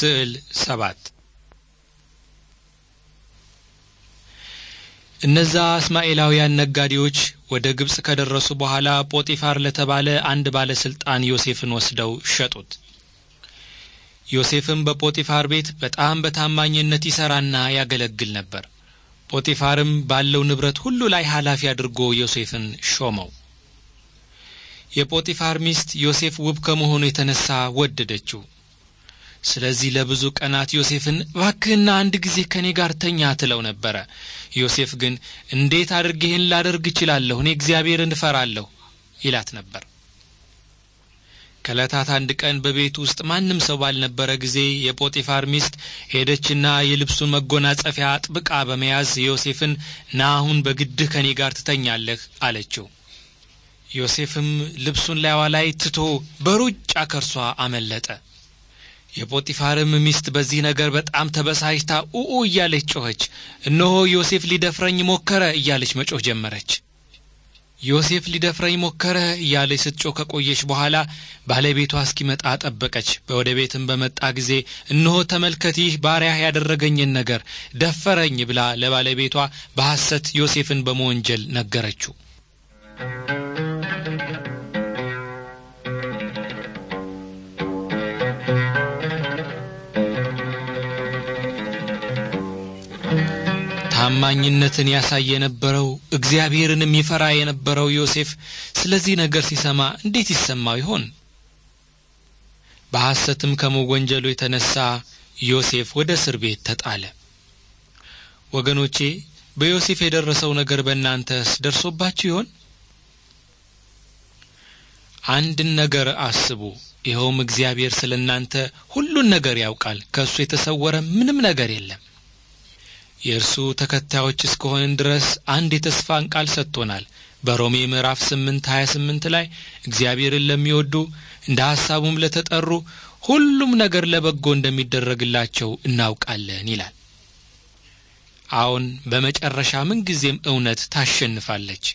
ስዕል ሰባት እነዛ እስማኤላውያን ነጋዴዎች ወደ ግብፅ ከደረሱ በኋላ ጶጢፋር ለተባለ አንድ ሥልጣን ዮሴፍን ወስደው ሸጡት። ዮሴፍም በጶጢፋር ቤት በጣም በታማኝነት ይሠራና ያገለግል ነበር። ጶጢፋርም ባለው ንብረት ሁሉ ላይ ኃላፊ አድርጎ ዮሴፍን ሾመው። የጶጢፋር ሚስት ዮሴፍ ውብ ከመሆኑ የተነሣ ወደደችው። ስለዚህ ለብዙ ቀናት ዮሴፍን እባክህና አንድ ጊዜ ከእኔ ጋር ተኛ ትለው ነበረ። ዮሴፍ ግን እንዴት አድርጌ ይህን ላደርግ እችላለሁ? እኔ እግዚአብሔርን እፈራለሁ ይላት ነበር። ከእለታት አንድ ቀን በቤት ውስጥ ማንም ሰው ባልነበረ ጊዜ የጶጢፋር ሚስት ሄደችና የልብሱን መጎናጸፊያ አጥብቃ በመያዝ ዮሴፍን ና አሁን በግድህ ከእኔ ጋር ትተኛለህ አለችው። ዮሴፍም ልብሱን ላይዋ ላይ ትቶ በሩጫ ከርሷ አመለጠ። የጶጢፋርም ሚስት በዚህ ነገር በጣም ተበሳጭታ ኡኡ እያለች ጮኸች። እነሆ ዮሴፍ ሊደፍረኝ ሞከረ እያለች መጮህ ጀመረች። ዮሴፍ ሊደፍረኝ ሞከረ እያለች ስትጮህ ከቆየች በኋላ ባለቤቷ እስኪመጣ ጠበቀች። ወደ ቤትም በመጣ ጊዜ እነሆ ተመልከት፣ ይህ ባሪያህ ያደረገኝን ነገር ደፈረኝ ብላ ለባለቤቷ በሐሰት ዮሴፍን በመወንጀል ነገረችው። ታማኝነትን ያሳይ የነበረው እግዚአብሔርን የሚፈራ የነበረው ዮሴፍ ስለዚህ ነገር ሲሰማ እንዴት ይሰማው ይሆን? በሐሰትም ከመወንጀሉ የተነሳ ዮሴፍ ወደ እስር ቤት ተጣለ። ወገኖቼ በዮሴፍ የደረሰው ነገር በእናንተስ ደርሶባችሁ ይሆን? አንድን ነገር አስቡ። ይኸውም እግዚአብሔር ስለ እናንተ ሁሉን ነገር ያውቃል። ከእሱ የተሰወረ ምንም ነገር የለም። የእርሱ ተከታዮች እስከሆንን ድረስ አንድ የተስፋን ቃል ሰጥቶናል። በሮሜ ምዕራፍ ስምንት ሀያ ስምንት ላይ እግዚአብሔርን ለሚወዱ እንደ ሐሳቡም ለተጠሩ ሁሉም ነገር ለበጎ እንደሚደረግላቸው እናውቃለን ይላል። አሁን በመጨረሻ ምንጊዜም እውነት ታሸንፋለች።